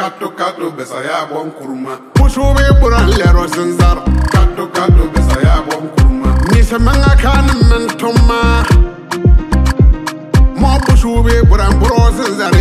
kato kato bisa ya bon kurma mushube buran lero zinzar kato kato bisa ya bon kurma ni semanga kan men toma mo mushube buran bro zinzar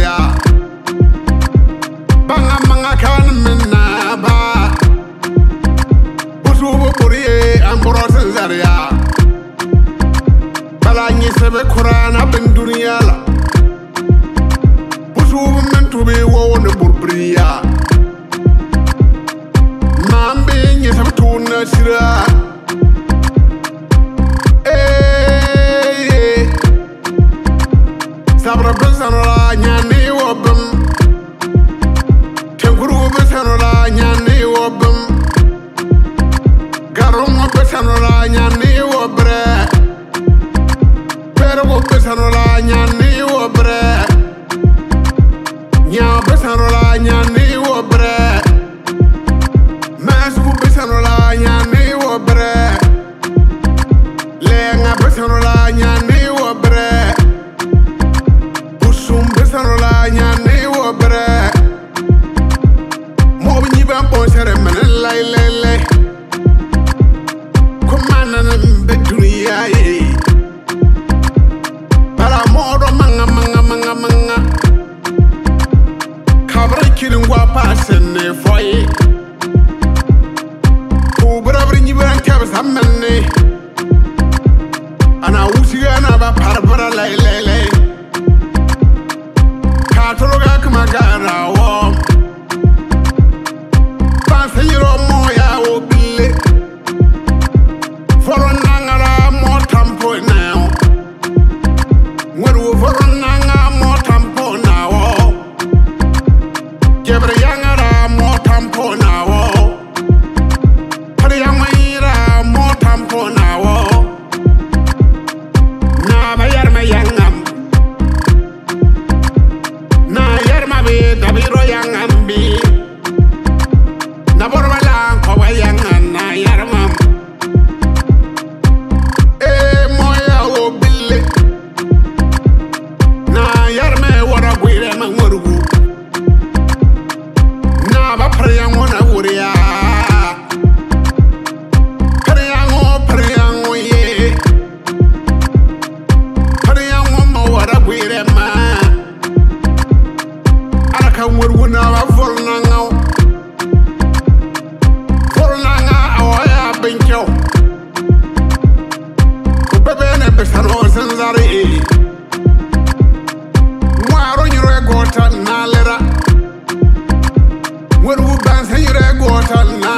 Le wobre lenga besanula nyani wobre busum besanula nyani wobre mo bi ñiba ponsere mene lay lay lay ko manana be duniya ye para modo manga manga manga manga kabra kilingwa pasene foye money. wër wu you ñu rek gootal na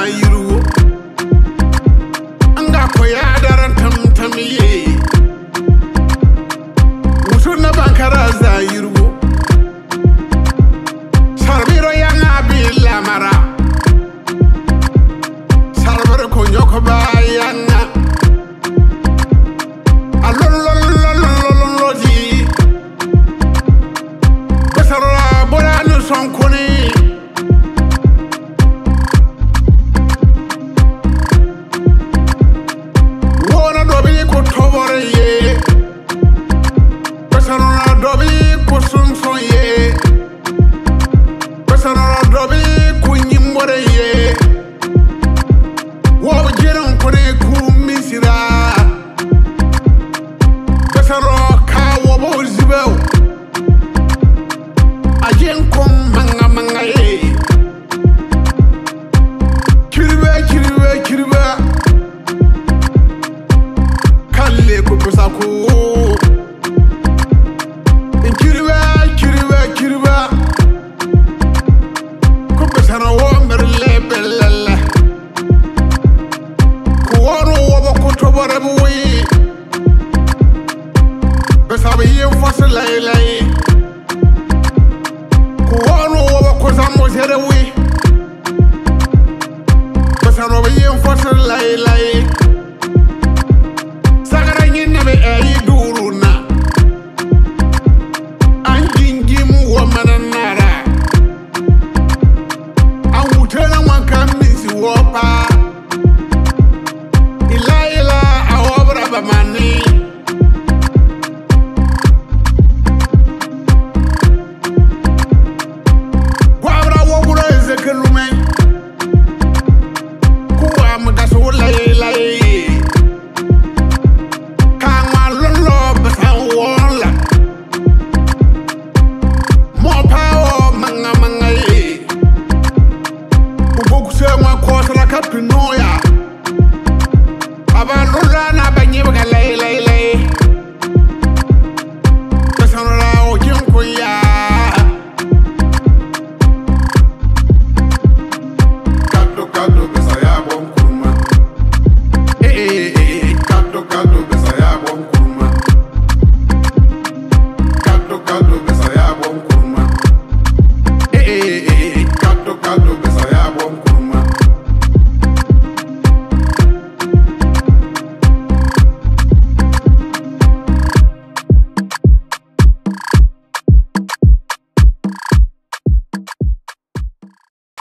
than you.